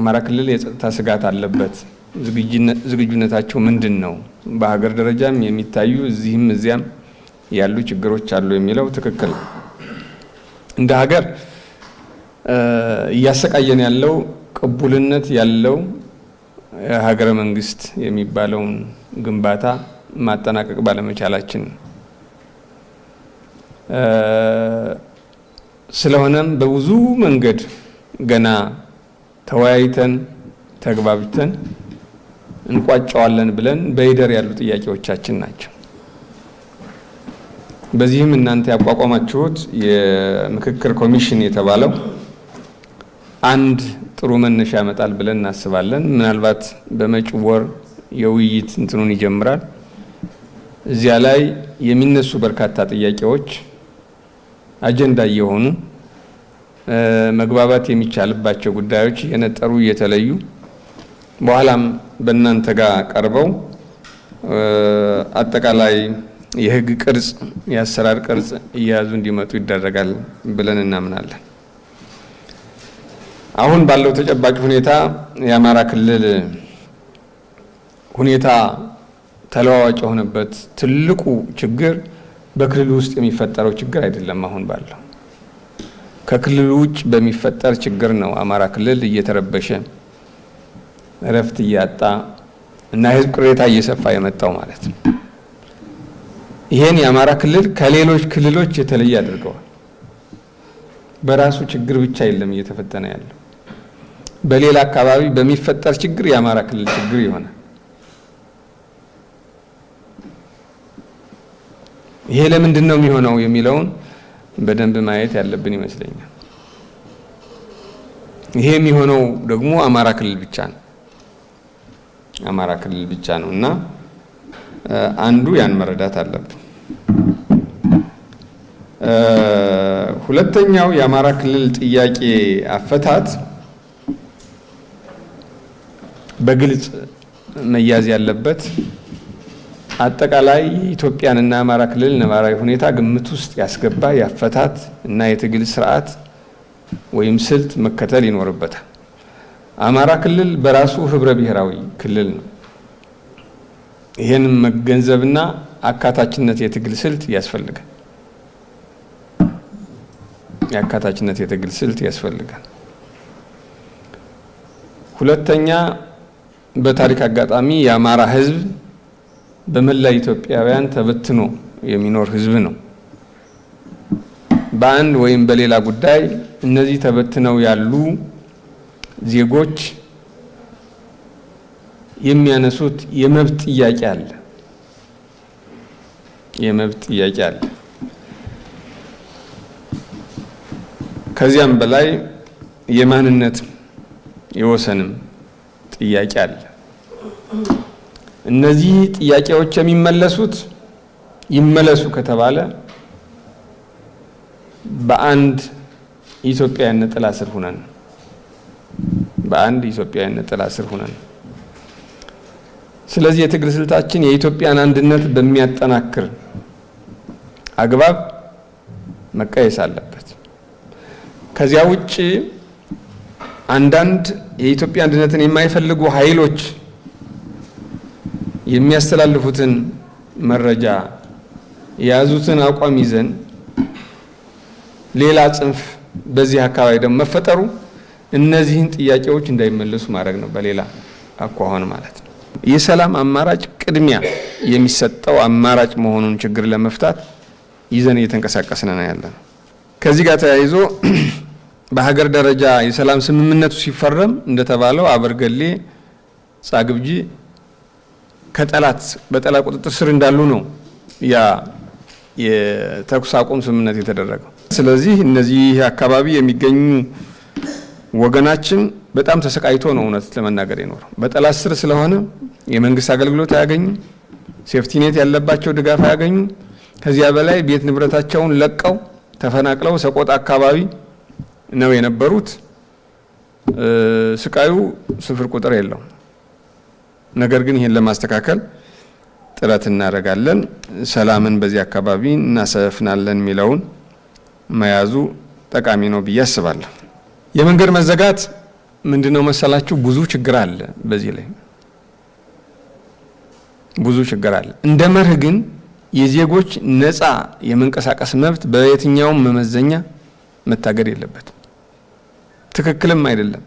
አማራ ክልል የጸጥታ ስጋት አለበት። ዝግጁነታቸው ምንድን ነው? በሀገር ደረጃም የሚታዩ እዚህም እዚያም ያሉ ችግሮች አሉ የሚለው ትክክል። እንደ ሀገር እያሰቃየን ያለው ቅቡልነት ያለው የሀገረ መንግስት የሚባለውን ግንባታ ማጠናቀቅ ባለመቻላችን ስለሆነም በብዙ መንገድ ገና ተወያይተን ተግባብተን እንቋጨዋለን ብለን በይደር ያሉ ጥያቄዎቻችን ናቸው። በዚህም እናንተ ያቋቋማችሁት የምክክር ኮሚሽን የተባለው አንድ ጥሩ መነሻ ያመጣል ብለን እናስባለን። ምናልባት በመጪው ወር የውይይት እንትኑን ይጀምራል። እዚያ ላይ የሚነሱ በርካታ ጥያቄዎች አጀንዳ እየሆኑ መግባባት የሚቻልባቸው ጉዳዮች የነጠሩ እየተለዩ በኋላም በእናንተ ጋር ቀርበው አጠቃላይ የህግ ቅርጽ የአሰራር ቅርጽ እየያዙ እንዲመጡ ይደረጋል ብለን እናምናለን። አሁን ባለው ተጨባጭ ሁኔታ የአማራ ክልል ሁኔታ ተለዋዋጭ የሆነበት ትልቁ ችግር በክልሉ ውስጥ የሚፈጠረው ችግር አይደለም። አሁን ባለው ከክልሉ ውጭ በሚፈጠር ችግር ነው አማራ ክልል እየተረበሸ እረፍት እያጣ እና የህዝብ ቅሬታ እየሰፋ የመጣው ማለት ነው። ይሄን የአማራ ክልል ከሌሎች ክልሎች የተለየ አድርገዋል። በራሱ ችግር ብቻ የለም እየተፈተነ ያለው በሌላ አካባቢ በሚፈጠር ችግር የአማራ ክልል ችግር ይሆናል። ይሄ ለምንድን ነው የሚሆነው የሚለውን በደንብ ማየት ያለብን ይመስለኛል። ይሄ የሚሆነው ደግሞ አማራ ክልል ብቻ ነው። አማራ ክልል ብቻ ነው እና አንዱ ያን መረዳት አለብን። ሁለተኛው የአማራ ክልል ጥያቄ አፈታት በግልጽ መያዝ ያለበት አጠቃላይ የኢትዮጵያንና አማራ ክልል ነባራዊ ሁኔታ ግምት ውስጥ ያስገባ የአፈታት እና የትግል ስርዓት ወይም ስልት መከተል ይኖርበታል። አማራ ክልል በራሱ ህብረ ብሔራዊ ክልል ነው። ይህን መገንዘብና አካታችነት የትግል ስልት ያስፈልጋል። የአካታችነት የትግል ስልት ያስፈልጋል። ሁለተኛ፣ በታሪክ አጋጣሚ የአማራ ህዝብ በመላ ኢትዮጵያውያን ተበትኖ የሚኖር ህዝብ ነው። በአንድ ወይም በሌላ ጉዳይ እነዚህ ተበትነው ያሉ ዜጎች የሚያነሱት የመብት ጥያቄ አለ። የመብት ጥያቄ አለ። ከዚያም በላይ የማንነትም የወሰንም ጥያቄ አለ። እነዚህ ጥያቄዎች የሚመለሱት ይመለሱ ከተባለ በአንድ ኢትዮጵያዊነት ጥላ ስር ሁነን በአንድ ኢትዮጵያዊነት ጥላ ስር ሁነን ስለዚህ የትግል ስልታችን የኢትዮጵያን አንድነት በሚያጠናክር አግባብ መቀየስ አለበት። ከዚያ ውጭ አንዳንድ የኢትዮጵያ አንድነትን የማይፈልጉ ኃይሎች የሚያስተላልፉትን መረጃ የያዙትን አቋም ይዘን ሌላ ጽንፍ በዚህ አካባቢ ደግሞ መፈጠሩ እነዚህን ጥያቄዎች እንዳይመለሱ ማድረግ ነው። በሌላ አኳኋን ማለት ነው። የሰላም አማራጭ ቅድሚያ የሚሰጠው አማራጭ መሆኑን ችግር ለመፍታት ይዘን እየተንቀሳቀስን ነው ያለ ነው። ከዚህ ጋር ተያይዞ በሀገር ደረጃ የሰላም ስምምነቱ ሲፈረም እንደተባለው አበርገሌ፣ ጻግብጂ ከጠላት በጠላት ቁጥጥር ስር እንዳሉ ነው ያ የተኩስ አቁም ስምምነት የተደረገው። ስለዚህ እነዚህ አካባቢ የሚገኙ ወገናችን በጣም ተሰቃይቶ ነው እውነት ለመናገር የኖረው። በጠላት ስር ስለሆነ የመንግስት አገልግሎት አያገኙም። ሴፍቲኔት ያለባቸው ድጋፍ አያገኙም። ከዚያ በላይ ቤት ንብረታቸውን ለቀው ተፈናቅለው ሰቆጣ አካባቢ ነው የነበሩት። ስቃዩ ስፍር ቁጥር የለውም። ነገር ግን ይህን ለማስተካከል ጥረት እናደርጋለን። ሰላምን በዚህ አካባቢ እናሰፍናለን የሚለውን መያዙ ጠቃሚ ነው ብዬ አስባለሁ። የመንገድ መዘጋት ምንድነው መሰላችሁ? ብዙ ችግር አለ። በዚህ ላይ ብዙ ችግር አለ። እንደ መርህ ግን የዜጎች ነፃ የመንቀሳቀስ መብት በየትኛውም መመዘኛ መታገድ የለበትም፣ ትክክልም አይደለም።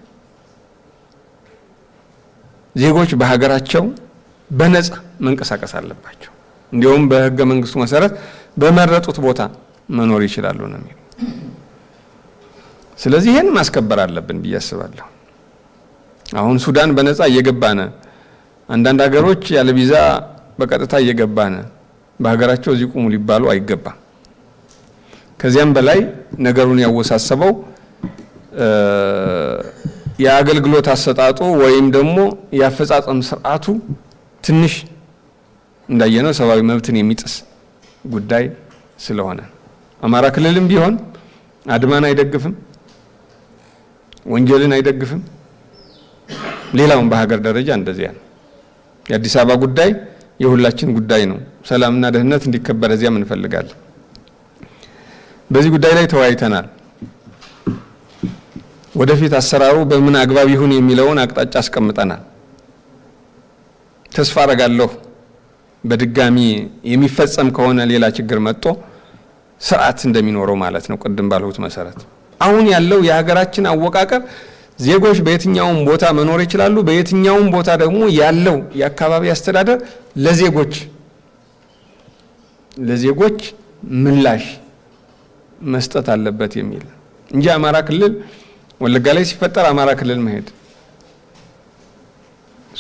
ዜጎች በሀገራቸው በነጻ መንቀሳቀስ አለባቸው። እንዲሁም በህገ መንግስቱ መሰረት በመረጡት ቦታ መኖር ይችላሉ ነው የሚል። ስለዚህ ይህን ማስከበር አለብን ብዬ አስባለሁ። አሁን ሱዳን በነጻ እየገባነ አንዳንድ ሀገሮች ያለ ቪዛ በቀጥታ እየገባነ በሀገራቸው እዚህ ቁሙ ሊባሉ አይገባም። ከዚያም በላይ ነገሩን ያወሳሰበው የአገልግሎት አሰጣጡ ወይም ደግሞ የአፈጻጸም ስርዓቱ ትንሽ እንዳየነው ሰብአዊ መብትን የሚጥስ ጉዳይ ስለሆነ አማራ ክልልም ቢሆን አድማን አይደግፍም፣ ወንጀልን አይደግፍም። ሌላውን በሀገር ደረጃ እንደዚያ ነው። የአዲስ አበባ ጉዳይ የሁላችን ጉዳይ ነው። ሰላምና ደህንነት እንዲከበር እዚያም እንፈልጋለን። በዚህ ጉዳይ ላይ ተወያይተናል። ወደፊት አሰራሩ በምን አግባብ ይሁን የሚለውን አቅጣጫ አስቀምጠናል። ተስፋ አረጋለሁ በድጋሚ የሚፈጸም ከሆነ ሌላ ችግር መጥቶ ስርዓት እንደሚኖረው ማለት ነው። ቅድም ባልሁት መሰረት አሁን ያለው የሀገራችን አወቃቀር ዜጎች በየትኛውም ቦታ መኖር ይችላሉ። በየትኛውም ቦታ ደግሞ ያለው የአካባቢ አስተዳደር ለዜጎች ለዜጎች ምላሽ መስጠት አለበት የሚል እንጂ አማራ ክልል ወለጋ ላይ ሲፈጠር አማራ ክልል መሄድ፣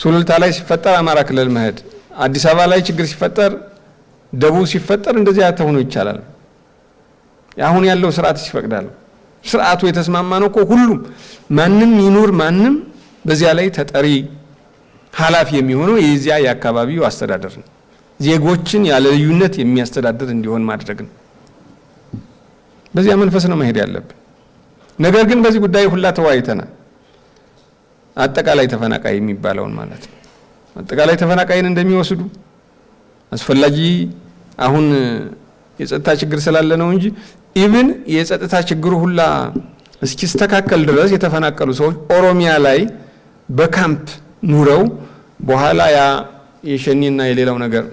ሱሉልታ ላይ ሲፈጠር አማራ ክልል መሄድ፣ አዲስ አበባ ላይ ችግር ሲፈጠር፣ ደቡብ ሲፈጠር እንደዚህ ተሆኖ ይቻላል። አሁን ያለው ስርዓት ይፈቅዳል። ስርዓቱ የተስማማ ነው እኮ ሁሉም ማንም ይኑር ማንም፣ በዚያ ላይ ተጠሪ ኃላፊ የሚሆነው የዚያ የአካባቢው አስተዳደር ነው። ዜጎችን ያለ ልዩነት የሚያስተዳድር እንዲሆን ማድረግ ነው። በዚያ መንፈስ ነው መሄድ ያለብን። ነገር ግን በዚህ ጉዳይ ሁላ ተወያይተናል። አጠቃላይ ተፈናቃይ የሚባለውን ማለት ነው። አጠቃላይ ተፈናቃይን እንደሚወስዱ አስፈላጊ አሁን የጸጥታ ችግር ስላለ ነው እንጂ ኢቭን የጸጥታ ችግሩ ሁላ እስኪስተካከል ድረስ የተፈናቀሉ ሰዎች ኦሮሚያ ላይ በካምፕ ኑረው በኋላ ያ የሸኒና የሌላው ነገር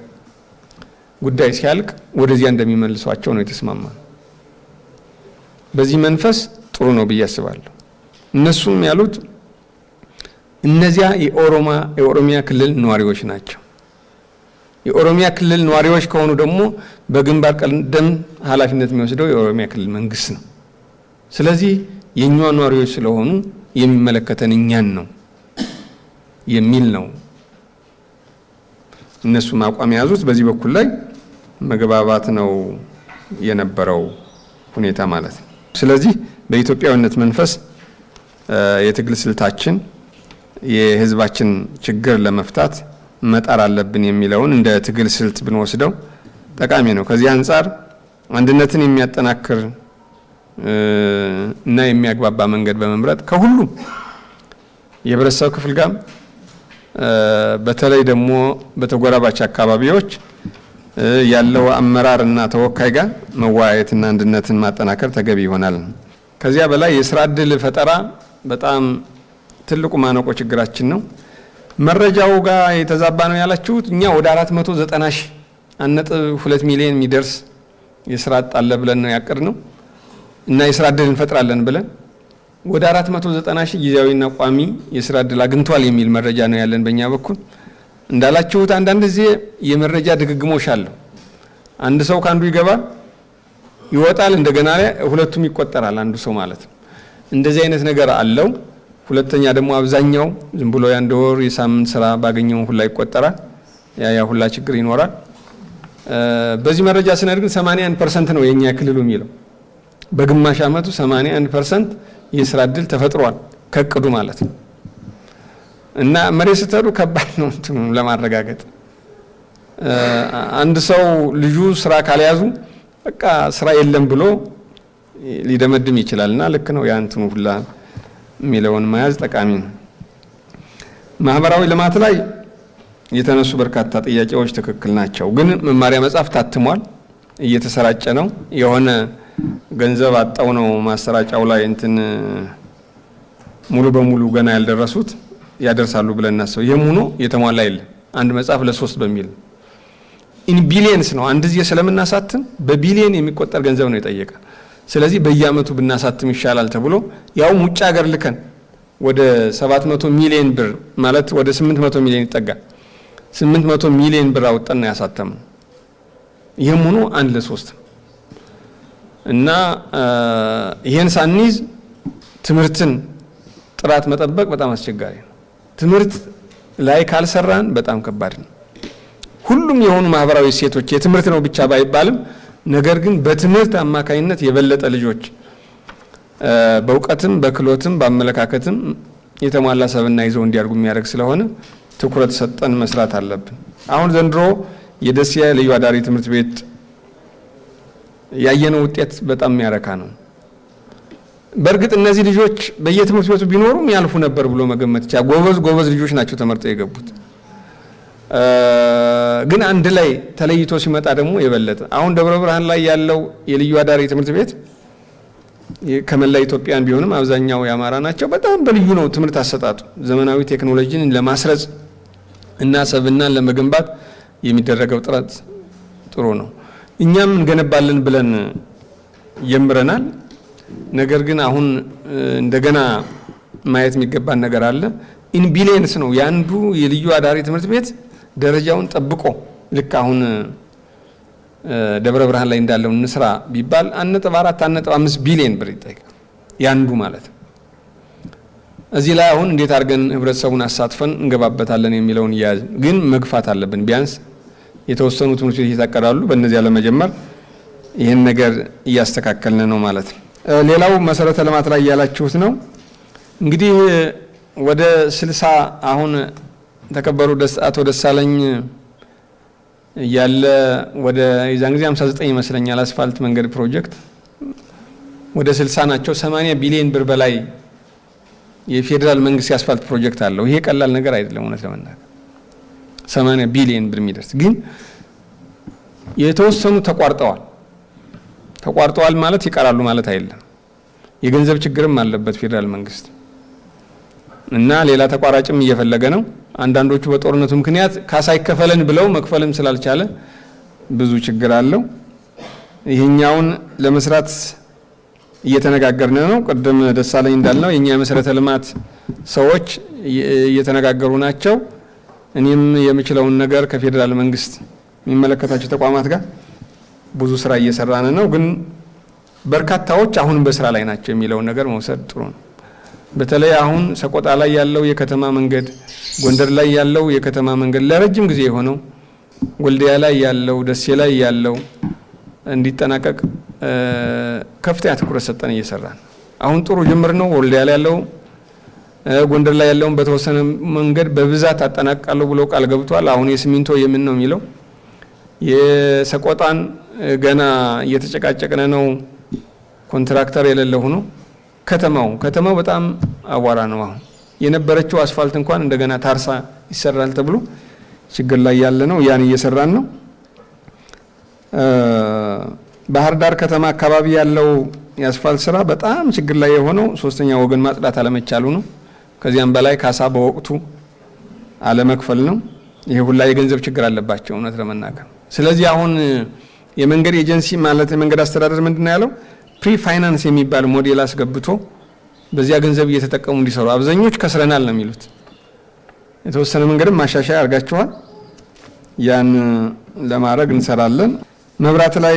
ጉዳይ ሲያልቅ ወደዚያ እንደሚመልሷቸው ነው የተስማማ። በዚህ መንፈስ ጥሩ ነው ብዬ አስባለሁ። እነሱም ያሉት እነዚያ የኦሮሚያ ክልል ነዋሪዎች ናቸው። የኦሮሚያ ክልል ነዋሪዎች ከሆኑ ደግሞ በግንባር ቀደም ኃላፊነት የሚወስደው የኦሮሚያ ክልል መንግስት ነው። ስለዚህ የእኛ ነዋሪዎች ስለሆኑ የሚመለከተን እኛን ነው የሚል ነው እነሱም አቋም የያዙት። በዚህ በኩል ላይ መግባባት ነው የነበረው ሁኔታ ማለት ነው። ስለዚህ በኢትዮጵያዊነት መንፈስ የትግል ስልታችን የህዝባችን ችግር ለመፍታት መጣር አለብን የሚለውን እንደ ትግል ስልት ብንወስደው ጠቃሚ ነው። ከዚህ አንጻር አንድነትን የሚያጠናክር እና የሚያግባባ መንገድ በመምረጥ ከሁሉም የህብረተሰብ ክፍል ጋር በተለይ ደግሞ በተጎራባች አካባቢዎች ያለው አመራር እና ተወካይ ጋር መወያየትና አንድነትን ማጠናከር ተገቢ ይሆናል። ከዚያ በላይ የስራ እድል ፈጠራ በጣም ትልቁ ማነቆ ችግራችን ነው። መረጃው ጋር የተዛባ ነው ያላችሁት፣ እኛ ወደ 490 ሺህ አንድ ነጥብ ሁለት ሚሊዮን የሚደርስ የስራ አጥ አለ ብለን ነው ነው እና የስራ እድል እንፈጥራለን ብለን ወደ 490 ሺህ ጊዜያዊና ቋሚ የስራ እድል አግኝቷል የሚል መረጃ ነው ያለን በእኛ በኩል። እንዳላችሁት አንዳንድ ጊዜ የመረጃ ድግግሞሽ አለው። አንድ ሰው ከአንዱ ይገባል ይወጣል። እንደገና ላይ ሁለቱም ይቆጠራል አንዱ ሰው ማለት ነው። እንደዚህ አይነት ነገር አለው። ሁለተኛ ደግሞ አብዛኛው ዝም ብሎ የአንድ ወር የሳምንት ስራ ባገኘው ሁላ ይቆጠራል። ያ ያ ሁላ ችግር ይኖራል። በዚህ መረጃ ስነድ ግን 81 ፐርሰንት ነው የኛ ክልሉ የሚለው በግማሽ አመቱ 81 ፐርሰንት የስራ እድል ተፈጥሯል ከቅዱ ማለት ነው። እና መሬት ስትሄዱ ከባድ ነው ለማረጋገጥ አንድ ሰው ልጁ ስራ ካልያዙ በቃ ስራ የለም ብሎ ሊደመድም ይችላል። እና ልክ ነው የአንትኑ ሁላ የሚለውን መያዝ ጠቃሚ ነው። ማህበራዊ ልማት ላይ የተነሱ በርካታ ጥያቄዎች ትክክል ናቸው። ግን መማሪያ መጽሐፍ ታትሟል፣ እየተሰራጨ ነው። የሆነ ገንዘብ አጣው ነው ማሰራጫው ላይ እንትን ሙሉ በሙሉ ገና ያልደረሱት ያደርሳሉ ብለን እናስበው። ይህም ሆኖ የተሟላ የለም። አንድ መጽሐፍ ለሶስት በሚል ኢን ቢሊየንስ ነው። አንድ ጊዜ ስለምናሳትም በቢሊየን የሚቆጠር ገንዘብ ነው የጠየቀ። ስለዚህ በየአመቱ ብናሳትም ይሻላል ተብሎ ያውም ውጭ ሀገር ልከን ወደ 700 ሚሊዮን ብር ማለት ወደ 800 ሚሊዮን ይጠጋል። 800 ሚሊዮን ብር አውጥተን ያሳተም ይህም ሆኖ አንድ ለሶስት እና ይህን ሳንይዝ ትምህርትን ጥራት መጠበቅ በጣም አስቸጋሪ ነው። ትምህርት ላይ ካልሰራን በጣም ከባድ ነው። ሁሉም የሆኑ ማህበራዊ እሴቶች የትምህርት ነው ብቻ ባይባልም ነገር ግን በትምህርት አማካኝነት የበለጠ ልጆች በእውቀትም በክሎትም በአመለካከትም የተሟላ ሰብና ይዘው እንዲያድጉ የሚያደርግ ስለሆነ ትኩረት ሰጠን መስራት አለብን። አሁን ዘንድሮ የደሴ ልዩ አዳሪ ትምህርት ቤት ያየነው ውጤት በጣም የሚያረካ ነው። በእርግጥ እነዚህ ልጆች በየትምህርት ቤቱ ቢኖሩም ያልፉ ነበር ብሎ መገመት ይቻላል። ጎበዝ ጎበዝ ልጆች ናቸው ተመርጠው የገቡት። ግን አንድ ላይ ተለይቶ ሲመጣ ደግሞ የበለጠ አሁን ደብረ ብርሃን ላይ ያለው የልዩ አዳሪ ትምህርት ቤት ከመላ ኢትዮጵያን ቢሆንም አብዛኛው የአማራ ናቸው። በጣም በልዩ ነው ትምህርት አሰጣጡ። ዘመናዊ ቴክኖሎጂን ለማስረጽ እና ሰብናን ለመገንባት የሚደረገው ጥረት ጥሩ ነው። እኛም እንገነባለን ብለን ጀምረናል። ነገር ግን አሁን እንደገና ማየት የሚገባን ነገር አለ። ኢንቢሌንስ ነው የአንዱ የልዩ አዳሪ ትምህርት ቤት ደረጃውን ጠብቆ ልክ አሁን ደብረ ብርሃን ላይ እንዳለው እንስራ ቢባል አንድ ነጥብ አራት አንድ ነጥብ አምስት ቢሊየን ብር ይጠይቃል። ያንዱ ማለት ነው። እዚህ ላይ አሁን እንዴት አድርገን ህብረተሰቡን አሳትፈን እንገባበታለን የሚለውን እያያዝ ግን መግፋት አለብን። ቢያንስ የተወሰኑ ትምህርት ቤት እየታቀዳሉ፣ በእነዚያ ለመጀመር ይህን ነገር እያስተካከልን ነው ማለት ነው። ሌላው መሰረተ ልማት ላይ ያላችሁት ነው እንግዲህ ወደ ስልሳ አሁን ተከበሩ አቶ ደሳለኝ ያለ ወደ የዛን ጊዜ 59 ይመስለኛል አስፋልት መንገድ ፕሮጀክት ወደ 60 ናቸው። 80 ቢሊዮን ብር በላይ የፌዴራል መንግስት የአስፋልት ፕሮጀክት አለው። ይሄ ቀላል ነገር አይደለም። እውነት ለመናገር 80 ቢሊዮን ብር የሚደርስ ግን የተወሰኑ ተቋርጠዋል። ተቋርጠዋል ማለት ይቀራሉ ማለት አይደለም። የገንዘብ ችግርም አለበት ፌዴራል መንግስት እና ሌላ ተቋራጭም እየፈለገ ነው። አንዳንዶቹ በጦርነቱ ምክንያት ካሳ ይከፈለን ብለው መክፈልም ስላልቻለ ብዙ ችግር አለው። ይህኛውን ለመስራት እየተነጋገርን ነው። ቅድም ደሳለኝ እንዳልነው የኛ የመሰረተ ልማት ሰዎች እየተነጋገሩ ናቸው። እኔም የምችለውን ነገር ከፌዴራል መንግስት የሚመለከታቸው ተቋማት ጋር ብዙ ስራ እየሰራን ነው። ግን በርካታዎች አሁንም በስራ ላይ ናቸው የሚለውን ነገር መውሰድ ጥሩ ነው። በተለይ አሁን ሰቆጣ ላይ ያለው የከተማ መንገድ፣ ጎንደር ላይ ያለው የከተማ መንገድ ለረጅም ጊዜ የሆነው ወልዲያ ላይ ያለው፣ ደሴ ላይ ያለው እንዲጠናቀቅ ከፍተኛ ትኩረት ሰጠን እየሰራ ነው። አሁን ጥሩ ጅምር ነው። ወልዲያ ላይ ያለው ጎንደር ላይ ያለውን በተወሰነ መንገድ በብዛት አጠናቅቃለሁ ብሎ ቃል ገብቷል። አሁን የሲሚንቶ የምን ነው የሚለው የሰቆጣን ገና እየተጨቃጨቅነ ነው። ኮንትራክተር የሌለ ሆኖ ከተማው ከተማው በጣም አቧራ ነው። አሁን የነበረችው አስፋልት እንኳን እንደገና ታርሳ ይሰራል ተብሎ ችግር ላይ ያለ ነው። ያን እየሰራን ነው። ባህር ዳር ከተማ አካባቢ ያለው የአስፋልት ስራ በጣም ችግር ላይ የሆነው ሶስተኛ ወገን ማጽዳት አለመቻሉ ነው። ከዚያም በላይ ካሳ በወቅቱ አለመክፈል ነው። ይሄ ሁላ የገንዘብ ችግር አለባቸው እውነት ለመናገር። ስለዚህ አሁን የመንገድ ኤጀንሲ ማለት የመንገድ አስተዳደር ምንድን ነው ያለው ፕሪ ፋይናንስ የሚባል ሞዴል አስገብቶ በዚያ ገንዘብ እየተጠቀሙ እንዲሰሩ አብዛኞች ከስረናል ነው የሚሉት። የተወሰነ መንገድም ማሻሻያ አድርጋችኋል። ያን ለማድረግ እንሰራለን። መብራት ላይ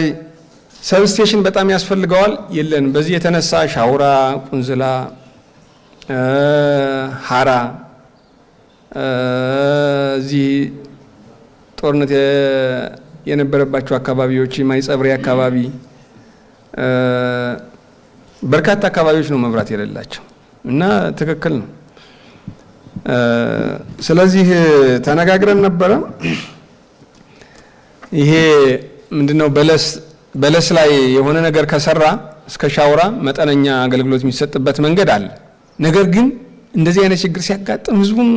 ሰብስቴሽን በጣም ያስፈልገዋል፣ የለን። በዚህ የተነሳ ሻውራ፣ ቁንዝላ፣ ሀራ እዚህ ጦርነት የነበረባቸው አካባቢዎች ማይጸብሬ አካባቢ በርካታ አካባቢዎች ነው መብራት የሌላቸው እና ትክክል ነው። ስለዚህ ተነጋግረን ነበረ። ይሄ ምንድነው በለስ በለስ ላይ የሆነ ነገር ከሰራ እስከ ሻውራ መጠነኛ አገልግሎት የሚሰጥበት መንገድ አለ። ነገር ግን እንደዚህ አይነት ችግር ሲያጋጥም ህዝቡም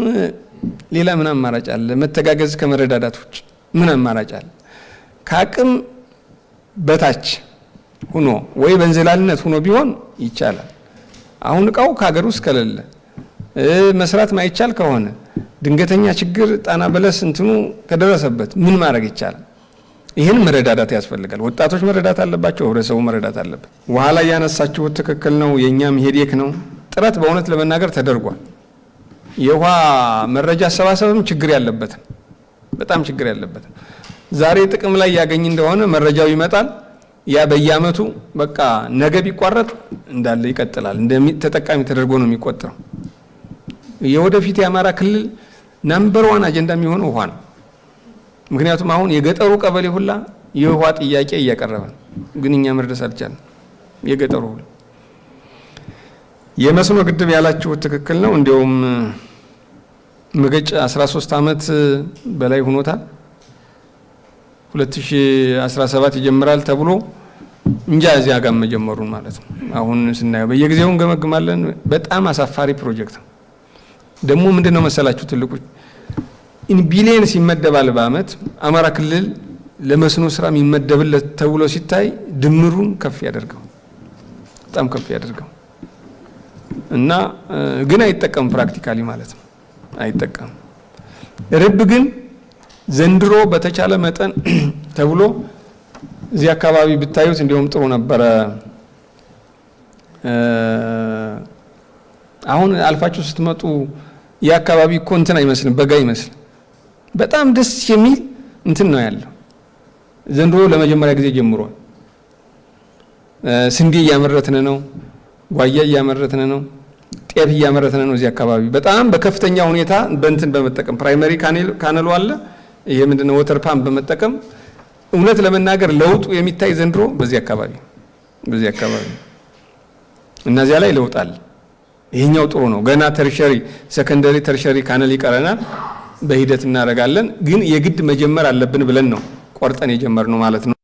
ሌላ ምን አማራጭ አለ? መተጋገዝ ከመረዳዳት ውጭ ምን አማራጭ አለ? ከአቅም በታች ሁኖ ወይ በእንዝላልነት ሁኖ ቢሆን ይቻላል። አሁን እቃው ከሀገር ውስጥ ከሌለ መስራት ማይቻል ከሆነ ድንገተኛ ችግር ጣና በለስ እንትኑ ከደረሰበት ምን ማድረግ ይቻላል? ይህን መረዳዳት ያስፈልጋል። ወጣቶች መረዳት አለባቸው። ህብረተሰቡ መረዳት አለበት። ውሃ ላይ ያነሳችሁት ትክክል ነው። የእኛም ሄዴክ ነው። ጥረት በእውነት ለመናገር ተደርጓል። የውሃ መረጃ አሰባሰብም ችግር ያለበትም በጣም ችግር ያለበትም ዛሬ ጥቅም ላይ ያገኝ እንደሆነ መረጃው ይመጣል። ያ በየአመቱ በቃ ነገ ቢቋረጥ እንዳለ ይቀጥላል። ተጠቃሚ ተደርጎ ነው የሚቆጠረው። የወደፊት የአማራ ክልል ናምበር ዋን አጀንዳ የሚሆነው ውሃ ነው። ምክንያቱም አሁን የገጠሩ ቀበሌ ሁላ የውሃ ጥያቄ እያቀረበ ነው፣ ግን እኛ መርደስ አልቻለም። የገጠሩ ሁላ የመስኖ ግድብ ያላችሁት ትክክል ነው። እንዲያውም ምገጭ 13 ዓመት በላይ ሁኖታል። 2017 ይጀምራል ተብሎ እንጃ እዚያ ጋር መጀመሩን ማለት ነው። አሁን ስናየው በየጊዜው እንገመግማለን። በጣም አሳፋሪ ፕሮጀክት ነው። ደግሞ ምንድን ነው መሰላችሁ ትልቁ ቢሊየንስ ይመደባል በአመት አማራ ክልል ለመስኖ ስራ የሚመደብለት ተብሎ ሲታይ ድምሩን ከፍ ያደርገው በጣም ከፍ ያደርገው እና ግን አይጠቀም ፕራክቲካሊ ማለት ነው አይጠቀም ርብ ግን ዘንድሮ በተቻለ መጠን ተብሎ እዚህ አካባቢ ብታዩት እንዲሁም ጥሩ ነበረ። አሁን አልፋችሁ ስትመጡ ይህ አካባቢ እኮ እንትን አይመስልም፣ በጋ ይመስል በጣም ደስ የሚል እንትን ነው ያለው። ዘንድሮ ለመጀመሪያ ጊዜ ጀምሯል። ስንዴ እያመረትን ነው፣ ጓያ እያመረትን ነው፣ ጤፍ እያመረትን ነው። እዚህ አካባቢ በጣም በከፍተኛ ሁኔታ በእንትን በመጠቀም ፕራይመሪ ካነሉ አለ ይሄ ምንድነው ወተር ፓምፕ በመጠቀም እውነት ለመናገር ለውጡ የሚታይ ዘንድሮ በዚህ አካባቢ በዚህ አካባቢ እነዚያ ላይ ለውጥ አለ። ይሄኛው ጥሩ ነው። ገና ተርሸሪ ሰከንደሪ፣ ተርሸሪ ካነል ይቀረናል። በሂደት እናደርጋለን፣ ግን የግድ መጀመር አለብን ብለን ነው ቆርጠን የጀመርነው ማለት ነው።